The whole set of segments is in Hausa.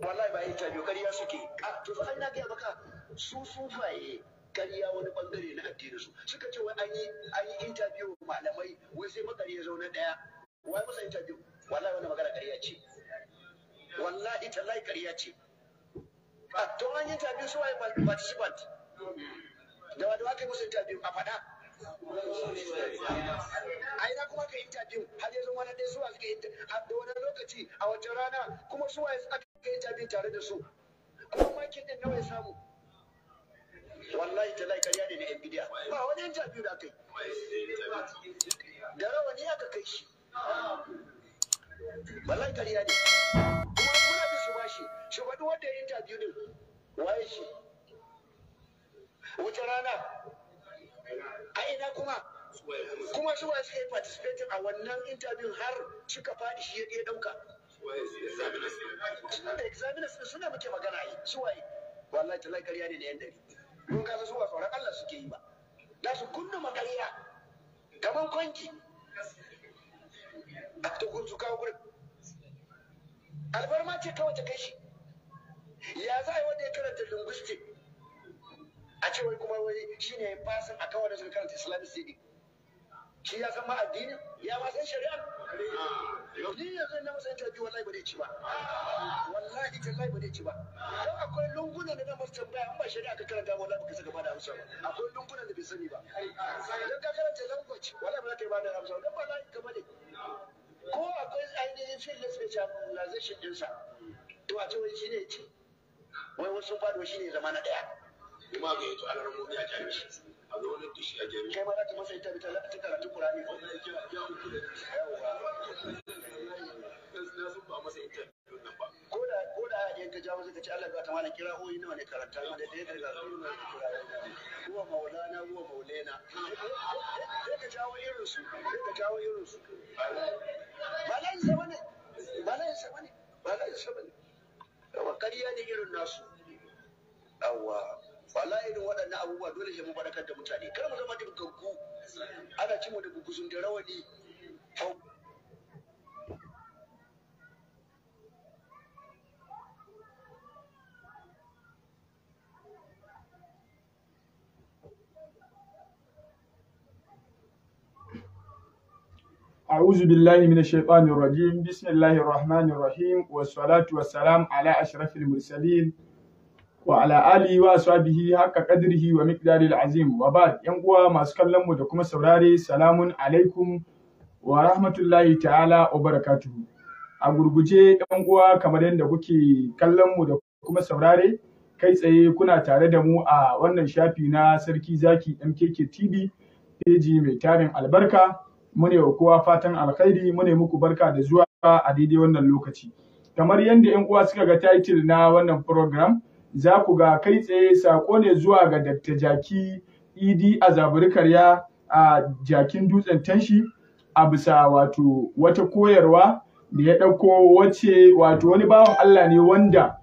wallahi ba ita biyu ƙarya suke a to fa na gaya maka su su faye ƙarya wani bangare na addinin su suka ce wai an yi an yi interview malamai wai sai makari ya zauna daya wai masa interview wallahi wannan magana ƙarya ce wallahi tallahi ƙarya ce a to an yi interview su wai participant da wanda aka yi musu interview a faɗa a ina kuma ka interview har yanzu wani ɗaya suwa suke interview a wani lokaci a wajen rana kuma suwa aka ya tare da su kuma makin din nawa ya samu wallahi ta lai karya ne na yan bidiya ba wani yan jabi da kai da rawani aka kai shi wallahi karya ne kuma muna bi su bashi shi faɗi wanda ya interview din waye shi wace rana a ina kuma kuma su waye suka yi participating a wannan interview har suka faɗi shi ya ɗauka tun da examiners din suna muke magana yi su waye wallahi talai ƙarya ne na yan dari mun kasa su ba tsoron Allah suke yi ba da su kunna makarya kamar kwanki a ta kun su kawo gurin alfarma ce kawai ta kai shi ya za a yi wanda ya karanta linguistic a ce wai kuma wai shi ne fasin a kawai da suka karanta islamic study shi ya san ma addinin ya ma san shari'a ni yanzu na masa interview wallahi ba zai ci ba wallahi tallahi ba zai ci ba don akwai lungunan da na masa tambaya an ba shari'a ka karanta ba wallahi ka saka ba da amsa ba akwai lungunan da bai sani ba idan ka karanta language wallahi ba za ka yi ba da amsa don ba lahi ka bane ko akwai ainihin field na specialization ɗinsa to a ce shi ne ci wai wasu faɗo shi ne zama na ɗaya. Ima ga yato alarmomi a jami'a. a zo wani dushi a jami'a kai ma za ka masa ita bita za ta karatu kurani wallahi sun ba masa ita ko da ko da ya ka ja masa ka Allah ya ta mana kira hoyi nawa ne karanta ma da dai da ga huwa maulana huwa maulena sai ka jawo irin su sai ka jawo irin su ba la isa bane ba la isa bane ba la isa bane yawa kariya ne irin nasu yawa wallahi irin waɗannan abubuwa dole sai mun faɗakar da mutane kar mu zama dubgaggu ana cin mu da guguzun da rawani أعوذ بالله من الشيطان الرجيم بسم الله الرحمن الرحيم والصلاة والسلام على أشرف المرسلين Wa wa وعلى آله wa ba 'yan uwa masu kallon mu da kuma saurare, salamun alaikum wa rahmatullahi ta'ala wa وبركاته a gurguje 'yan uwa kamar yadda kuke kallon mu da kuma saurare kai tsaye kuna tare da mu a wannan shafi na sarki zaki mkk tv peji mai tarin albarka mune wa kowa fatan alkhairi mune muku barka da zuwa a daidai wannan lokaci kamar yadda yan uwa suka ga title na wannan program za ku ga kai tsaye sako ne zuwa ga Dr. Jaki Idi a Karya a Jakin Dutsen Tanshi a bisa wato wata koyarwa da ya ɗauko wace wato wani bawan Allah ne wanda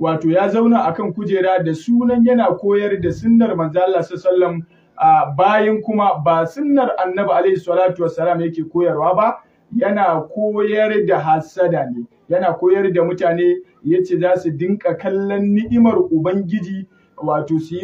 wato ya zauna akan kujera da sunan yana koyar da sunnar manzo Allah sallallahu bayan kuma ba sunnar annabi alaihi salatu wassalam yake koyarwa ba yana koyar da hasada ne yana koyar da mutane yace za su dinka kallon ni'imar ubangiji wato su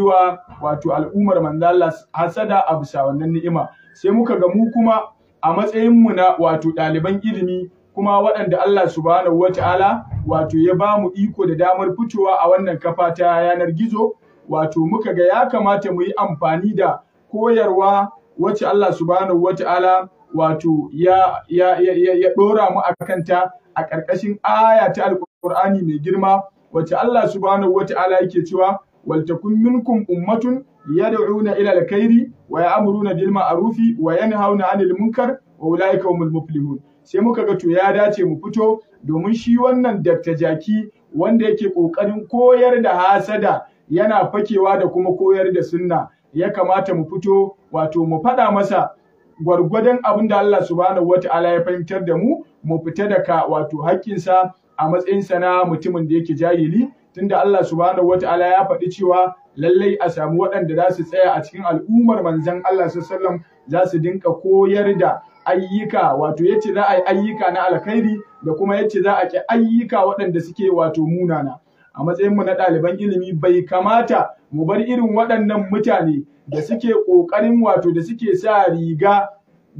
wato al'ummar Manzala, hasada a bisa wannan ni'ima sai muka ga mu kuma a matsayinmu na wato ɗaliban ilimi kuma waɗanda Allah subhanahu wata'ala wato ya ba mu iko da damar fitowa a wannan kafa ta yanar gizo wato muka ga ya kamata mu yi amfani da koyarwa wacce Allah subhanahu wata'ala wato ya ya ya ya dora mu a ta a ƙarƙashin aya ta alƙur'ani mai girma wacce Allah subhanahu wata'ala yake cewa wal takun minkum ummatun yad'una ila alkhairi wa ya'muruna bil ma'rufi wa yanhauna 'anil munkar wa ulaika humul muflihun sai muka ga to ya dace mu fito domin shi wannan Dr. Jaki wanda yake ƙoƙarin koyar da hasada yana fakewa da kuma koyar da sunna ya kamata mu fito wato mu faɗa masa gwargwadon abin da Allah subhanahu wata'ala ya fahimtar da mu mu fita daga wato haƙƙinsa a matsayinsa na mutumin da yake jahili tunda Allah subhanahu wata'ala ya faɗi cewa lallai a samu waɗanda za su tsaya a cikin al'ummar manzon Allah sallallahu za su dinka koyar da ayyuka wato yace za a yi ayyuka na alkhairi da kuma yace za a ki ayyuka waɗanda suke wato munana a matsayin mu na ɗaliban ilimi bai kamata mu bar irin waɗannan mutane da suke ƙoƙarin wato da suke sa riga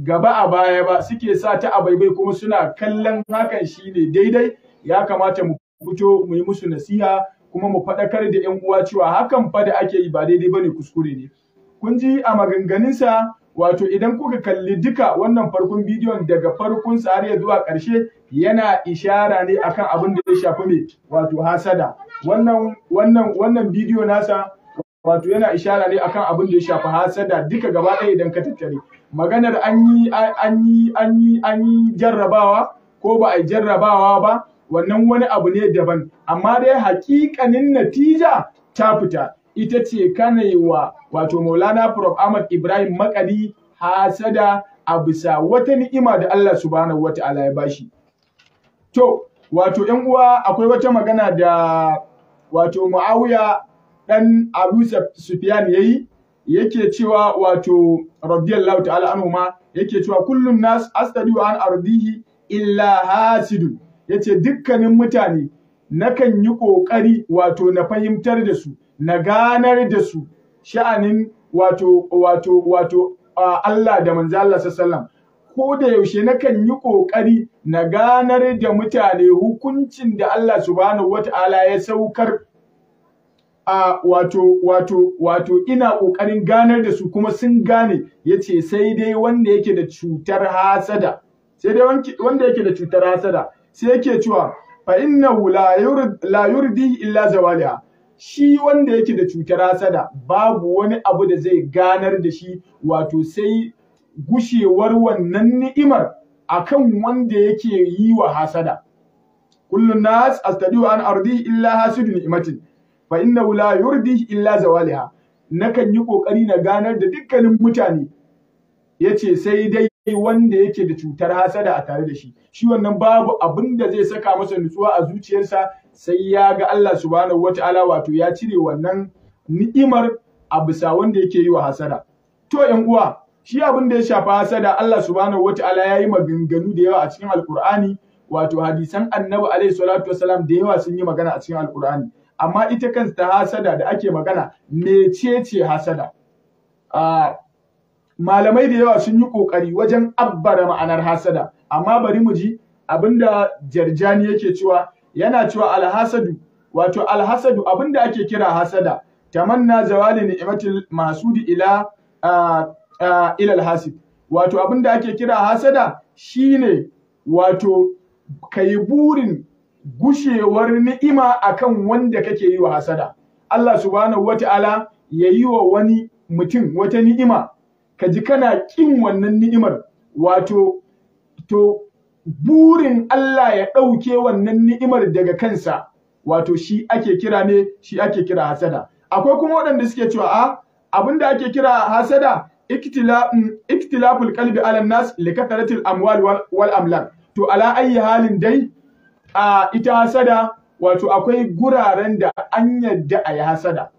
gaba a baya ba suke sa ta a baibai kuma suna kallon hakan shi ne daidai ya kamata mu fito mu yi musu nasiha kuma mu faɗakar da ƴan uwa cewa hakan fa da ake yi ba daidai bane kuskure ne kun ji a maganganunsa wato idan kuka kalli duka wannan farkon bidiyon daga farkon sa har zuwa ƙarshe yana ishara ne akan abin da ya shafi mai wato hasada wannan wannan wannan bidiyo nasa wato yana ishara ne akan abin da ya shafi hasada duka gaba ɗaya idan ka tattare maganar an yi an yi an yi an yi jarrabawa ko ba a yi jarrabawa ba wannan wani abu ne daban amma dai haƙiƙanin natija ta fita ita ce wa wato Maulana Prof Ahmad Ibrahim Makali hasada a bisa wata ni'ima da Allah subhanahu wata'ala ya bashi to wato 'yan uwa akwai wata magana da wato Muawiya ɗan Abu Sufyan yayi yake cewa wato radiyallahu ta'ala anhu ma yake cewa kullum nas astadiu an ardihi illa hasidun yace dukkanin mutane nakan yi ƙoƙari wato na fahimtar da su na ganar da su sha'anin wato wato wato Allah da manzo Allah sallallahu ko da yaushe nakan yi ƙoƙari na ganar da mutane hukuncin da Allah subhanahu wata'ala ya saukar a wato wato wato ina ƙoƙarin ganar da su kuma sun gane yace sai dai wanda yake da cutar hasada sai dai wanda yake da cutar hasada sai yake cewa fa inna la yurdi illa zawaliha shi wanda yake da cutar hasada babu wani abu da zai ganar da shi wato sai gushewar wannan ni'imar akan wanda yake yi wa hasada kullun nas astadiu an ardi illa hasidu ni'matin fa inna la yurdi illa zawaliha nakan yi kokari na ganar da dukkanin mutane yace sai dai wanda yake da cutar hasada a tare da shi shi wannan babu abin da zai saka masa nutsuwa a zuciyarsa sai ya ga Allah subhanahu wataala wato ya cire wannan ni'imar a wanda yake yi wa hasada to ƴan uwa shi abin da ya shafa hasada Allah subhanahu wataala ya yi maganganu da yawa a cikin alkur'ani wato hadisan annabi alaihi salatu wasalam da yawa sun yi magana a cikin alkur'ani amma ita kanta hasada da ake magana mecece hasada malamai da yawa sun yi kokari wajen abbara ma'anar hasada amma bari mu ji abinda jarjani yake cewa yana cewa alhasadu wato alhasadu abinda ake kira hasada tamanna zawali ni'matil masudi ila ila alhasid wato abinda ake kira hasada shine wato kai burin gushewar ni'ima akan wanda kake yi wa hasada Allah subhanahu wata'ala ya yi wa wani mutum wata ni'ima Kaji kana kin wannan ni'imar wato to burin Allah ya ɗauke wannan ni'imar daga kansa wato shi ake kira ne shi ake kira hasada akwai kuma waɗanda suke cewa a abinda ake kira hasada iktilaful mm, qalbi alannas nas amwal wal amlak to ala ayi halin dai a ita hasada wato akwai guraren da an yadda a yi hasada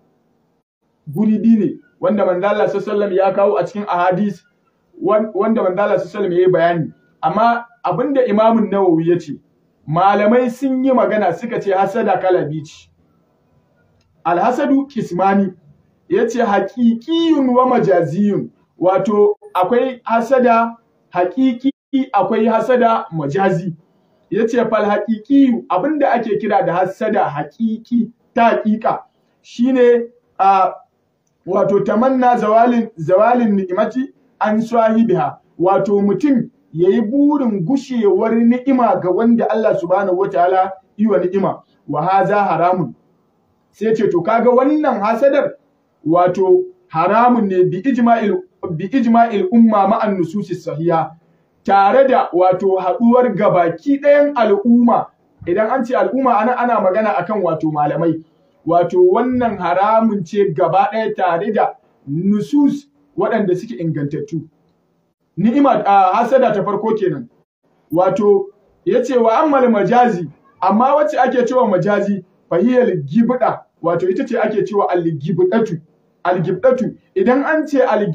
guri ne wanda manzala sallallahu ya kawo a cikin ahadis wanda manzala sallallahu ya yi bayani amma abinda imamun nawawi ya ce malamai sun yi magana suka ce hasada kala bici. alhasadu kismani ya ce haƙiƙiyun wa majaziyun wato akwai hasada haƙiƙi akwai hasada majazi yace fal haqiqi abinda ake kira da hassada haqiqi ta haqiqa shine a wato tamanna zawalin zawalin ni'imati an biha." wato mutum yayi burin gushewar ni'ima ga wanda Allah subhanahu wataala yiwa ni'ima wa haza haramun sai ce to kaga wannan hasadar wato haramun ne bi ijma'il bi ijma'il umma ma'an nususi sahiha tare da wato haɗuwar gabaki ɗayan al'umma idan an ce al'umma ana ana magana akan wato malamai wato wannan haramun ce gaba ɗaya tare da nusus waɗanda suke ingantattu ni'ima a hasada ta farko kenan wato ya ce wa ammal majazi amma wacce ake cewa majazi fahiyar gibda wato ita ce ake cewa al-gibdatu al idan an ce al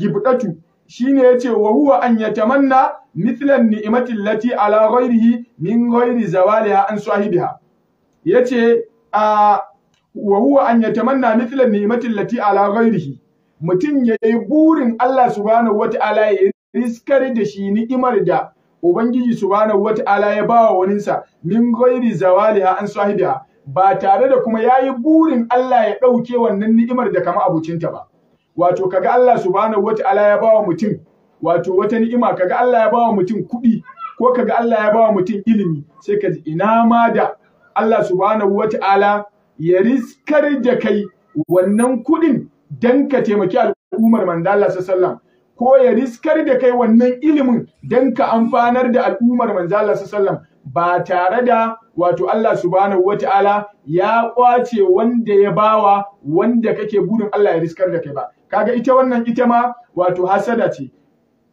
shine yace wa huwa an yatamanna mithlan ni'imati allati ala ghairihi min ghairi zawaliha an sahibiha yace a wa huwa an yatamanna mithlan ni'imati allati ala ghairihi mutum yayi burin Allah subhanahu wata'ala ya riskar da shi ni'imar da Ubangiji subhanahu wata'ala ya bawa waninsa min ghairi zawaliha an sahibiha ba tare da kuma yayi burin Allah ya ɗauke wannan ni'imar da kama abucinta ba wato kaga Allah subhanahu wata'ala ya bawa mutum wato wata ni'ima kaga Allah ya bawa mutum kuɗi ko kaga Allah ya bawa mutum ilimi sai ka ji ina ma da Allah subhanahu wata'ala ya riskar da kai wannan kuɗin dan ka taimaki al'ummar manzo Allah sallallahu ko ya riskar da kai wannan ilimin dan ka amfanar da al'ummar manzo Allah sallallahu ba tare da wato Allah subhanahu wata'ala ya kwace wanda ya bawa wanda kake burin Allah ya riskar da kai ba kaga ita wannan ita ma wato hasada ce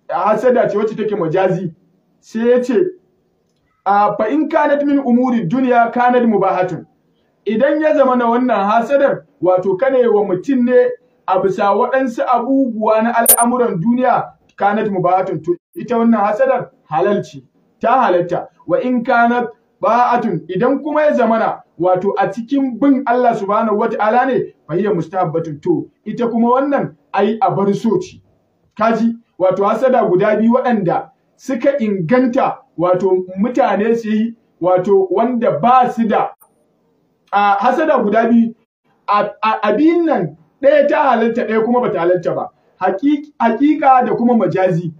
hasada ce wacce take majazi sai ya ce fa in kanat min umuri dunya kanat mubahatun idan ya zama na wannan hasadar wato kane wa mutum ne a bisa waɗansu abubuwa na al'amuran duniya kanat mubahatun to ita wannan hasadar halal ce ta halatta wa in kanat ba'atun idan kuma ya zamana wato a cikin bin Allah subhanahu wata'ala ne fa hiya mustahabbatun to ita kuma wannan ai a bar soci kaji wato hasada guda biyu waɗanda suka inganta wato mutane su yi wato wanda ba su da a hasada guda biyu abin nan ɗaya ta halarta ɗaya kuma bata halarta ba hakika da kuma majazi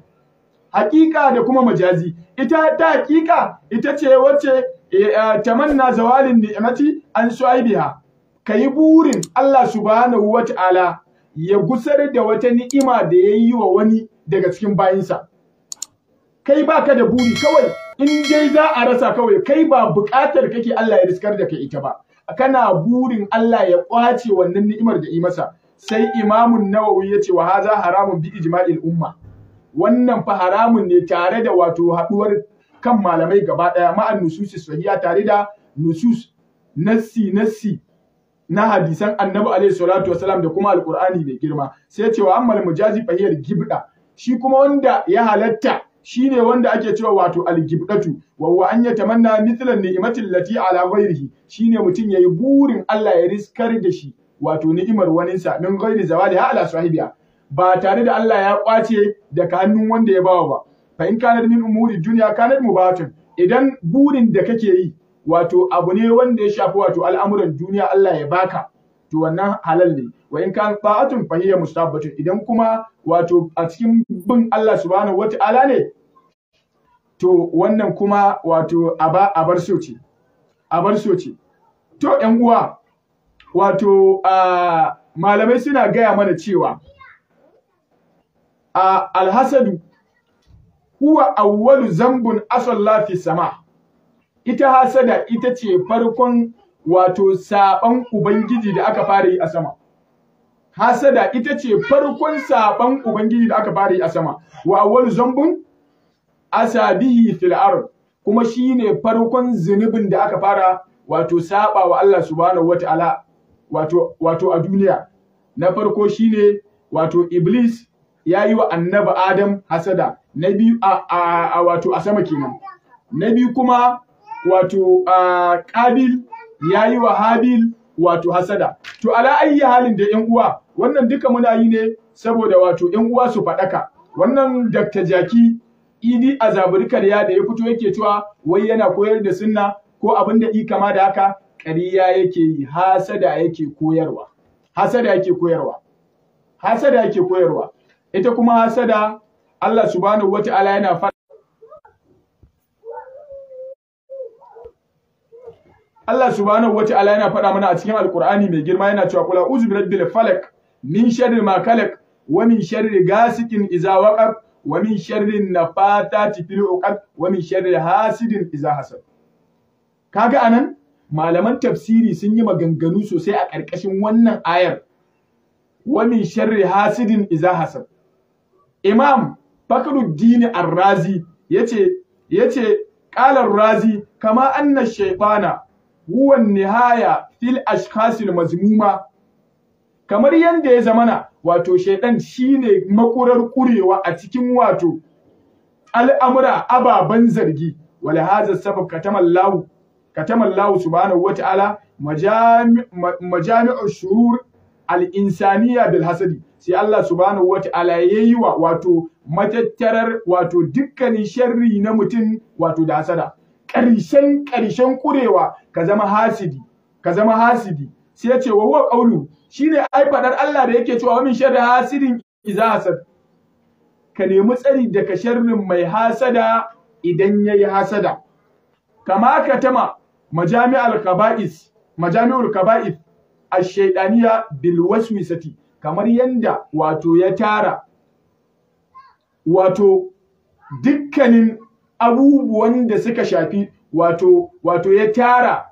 haƙiƙa da kuma majazi ita ta haƙiƙa ita ce wacce eh, eh, tamanna zawalin ni'mati an shu'aibiha kayi burin Allah subhanahu wata'ala ya gusar da wata ni'ima da ya yi wa wani daga cikin bayinsa kai baka da buri kawai in dai za a rasa kawai kai ba buƙatar kake Allah ya riskar da kai ita ba kana burin Allah ya ƙwace wannan ni'imar da yi masa sai imamun nawawi ya ce wa haza haramun bi ijma'il umma wannan fa haramun ne tare da wato haɗuwar kan malamai gaba ɗaya ma'an nususi sahiya tare da nusus nassi nassi na hadisan annabi alaihi salatu wasalam da kuma alqur'ani mai girma sai cewa ammal mujazi fahiyar gibda shi kuma wanda ya halatta shine wanda ake cewa wato algibdatu wa an yatamanna mithlan ni'matil lati ala ghairihi shine mutun yayi burin Allah ya riskar da shi wato ni'imar waninsa min ghairi zawali ha ala sahibiya ba tare da Allah ya kwace daga hannun wanda ya bawa ba fa in kana min umuri duniya kana mubatun idan burin da kake yi wato abu ne wanda ya shafi wato al'amuran duniya Allah ya baka to wannan halal ne wa in kan ta'atun fa hiya mustahabbatun idan kuma wato a cikin bin Allah subhanahu wata'ala ne to wannan kuma wato a bar so ce so ce to ƴan uwa wato ah, malamai suna gaya mana cewa a alhasadu huwa awwalu zambun asalla fi sama ita hasada ita ce farkon wato saban ubangiji da aka fara yi a sama hasada ita ce farkon saban ubangiji da aka fara yi a sama wa awwalu zambun asabihi fil ard kuma shine farkon zunubin da aka fara wato saba wa Allah subhanahu wataala wato wato a duniya na farko shine wato iblis ya yi wa annabi Adam hasada na biyu a, wato a sama kenan na biyu kuma wato a ya yi wa Habil wato hasada to ala ayyi halin da 'yan uwa wannan duka muna yi ne saboda wato 'yan uwa su faɗaka wannan Dr. Jaki Idi Azaburkar ya da ya fito yake cewa wai yana koyar da sunna ko abin da i kama da haka ƙariya yake yi hasada yake koyarwa hasada yake koyarwa hasada yake koyarwa ita kuma hasada Allah subhanahu wata'ala yana faɗa Allah subhanahu wata'ala yana faɗa mana a cikin Alƙur'ani mai girma yana cewa kula uzu bi rabbil falak min sharri ma kalak wa min sharri gasikin idza waqab wa min sharri nafatati fil uqad wa min sharri hasidin idza hasad kaga anan malaman tafsiri sun yi maganganu sosai a ƙarƙashin wannan ayar wa min sharri hasidin idza hasad Imam Fakhruddin Ar-Razi yace yace qala razi kama anna shaytana huwa nihaya fil ashkhasil mazmuma kamar yanda ya zamana wato shaytan shine makurar kurewa a cikin wato al'amura ababan zargi wal hadha sabab katamallahu katamallahu subhanahu wata'ala majami'u shurur al-insaniya bil hasadi sai Allah subhanahu wata'ala yayi wa wato matattarar wato dukkanin sharri na mutum wato da hasada ƙarshen ƙarshen kurewa ka zama hasidi ka zama hasidi sai ya ce wa huwa shine ai fadar Allah da yake cewa wani sharri hasidin iza hasad ka nemi tsari daga sharrin mai hasada idan yayi hasada kama tama majami'ul kaba'is majami'ul kaba'is ashaidaniya bil waswisati kamar yanda wato ya tara wato dukkanin abubuwan da suka shafi wato wato ya tara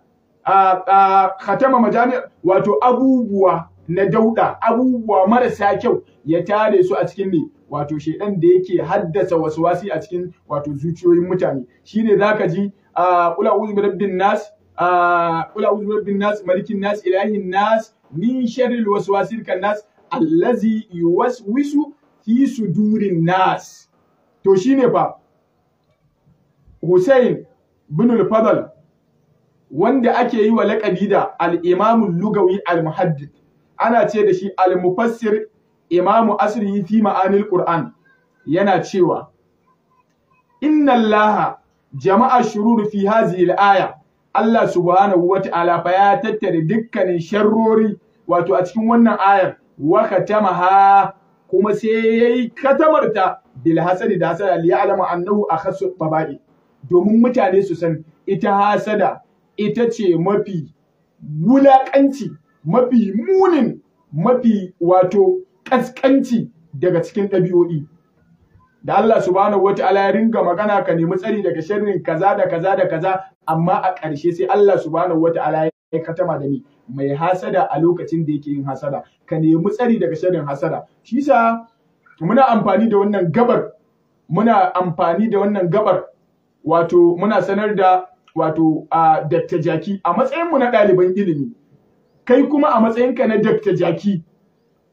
a khatama majami wato abubuwa na dauda abubuwa marasa kyau ya tare su a cikin ne wato shaidan da yake haddasa wasuwasi a cikin wato zuciyoyin mutane shine zaka ji a ula uzu nas ula uzu nas malikin nas ilahin nas min sharril waswasil kan nas allazi yuwaswisu fi sudurin nas to shine fa Hussein bin al-Fadl wanda ake yi wa laƙabi da al-Imam lugawi al ana ce da shi al-Mufassir Imam Asri fi ma'anil Qur'an yana cewa inna Allaha jama'a shururu fi hazihi al-aya Allah subhanahu wata fa ya tattare dukkanin sharrori wato a cikin wannan ayar wa katamaha kuma sai yayi katamarta bil hasadi da hasada li ya'lamu annahu akhassu baba'i domin mutane su san ita hasada ita ce mafi wulakanci mafi munin mafi wato ƙasƙanci daga cikin ɗabi'o'i da Allah subhanahu ta'ala ya ringa magana ka nemi tsari daga sharrin kaza da kaza da kaza amma a ƙarshe sai Allah subhanahu wata ya katama da ni mai hasada a lokacin da yake yin hasada ka nemi tsari daga sharrin hasada shi sa muna amfani da wannan gabar muna amfani da wannan gabar wato muna sanar da wato a Dr. Jaki a matsayinmu na ɗaliban ilimi kai kuma a matsayin ka na Dr. Jaki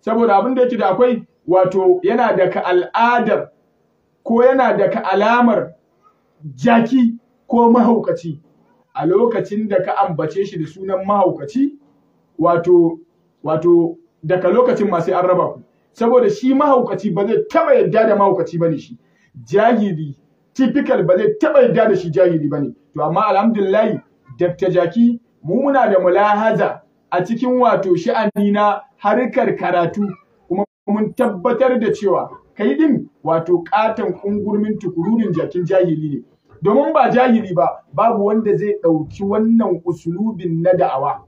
saboda abin da yake da akwai wato yana daga al'adar ko yana da ka alamar jaki ko mahaukaci a lokacin da ka ambace shi da sunan mahaukaci wato wato daga lokacin masu an raba ku saboda shi mahaukaci ba zai taba yadda da mahaukaci bane shi jahili typical ba zai taba yadda da shi jahili bane to amma alhamdulillah Dr. jaki mu muna da mulahaza a cikin wato sha'ani na harkar karatu kuma mun tabbatar da cewa kai din wato katon kungurmin tukururin jakin jahili ne domin ba jahili ba babu wanda zai ɗauki wannan usulubin na da'awa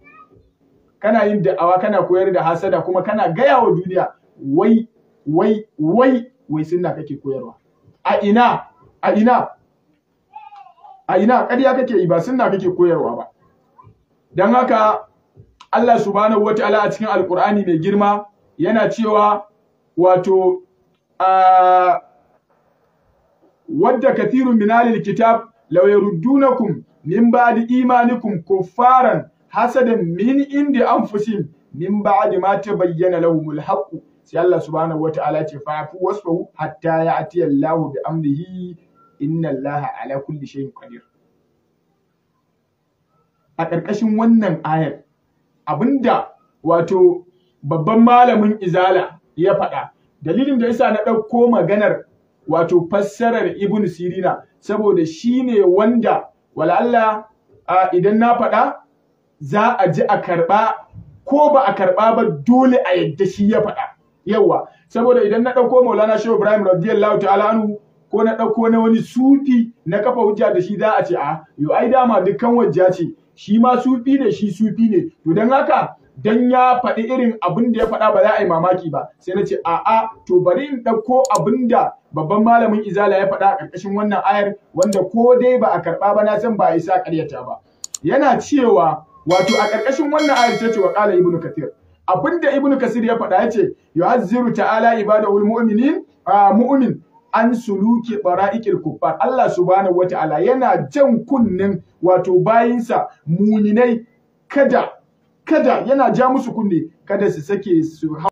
kana yin da'awa kana koyar da hasada kuma kana gaya wa duniya wai wai wai wai sunna kake koyarwa a ina a ina a ina ƙarya kake yi ba sunna kake koyarwa ba dan haka Allah subhanahu wataala a cikin alqur'ani mai girma yana cewa wato wadda kathiru min alil kitab law yaruddunakum min ba'di imanikum kuffaran hasadan min indi anfusihim min ba'di ma tabayyana lahumul haqq sai Allah subhanahu wata'ala ce fa yafu wasfahu hatta ya'ti Allahu bi amrihi inna Allaha ala kulli shay'in qadir a ƙarƙashin wannan ayar abinda wato babban malamin izala ya faɗa dalilin da yasa na ɗauko maganar wato fassarar ibn sirina saboda shi ne wanda wala'alla idan na faɗa za a ji a karɓa ko ba a karɓa ba dole a yadda shi ya faɗa yawa saboda idan na ɗauko maulana shehu ibrahim radiyallahu ta'ala anhu ko na ɗauko na wani sufi na kafa hujja da shi za a ce a ah, yo ai dama dukkan wajja ce shi ma sufi ne shi sufi ne to dan haka dan ya faɗi irin abin da ya faɗa ba za a yi mamaki ba sai na ce a'a to bari in ɗauko abin da babban malamin izala ya faɗa a ƙarƙashin wannan ayar wanda ko dai ba a karɓa ba na san ba a isa ƙaryata ba yana cewa wato a ƙarƙashin wannan ayar ta ce wa ƙala ibnu kathir Abinda da ibnu kathir ya faɗa ya ce yu'azziru ta'ala ibadahul mu'minin mu'min an suluki bara'ikil kuffar Allah subhanahu wata'ala yana jan kunnen wato bayinsa muminai kada kada yana ja musu kunne kada su sake su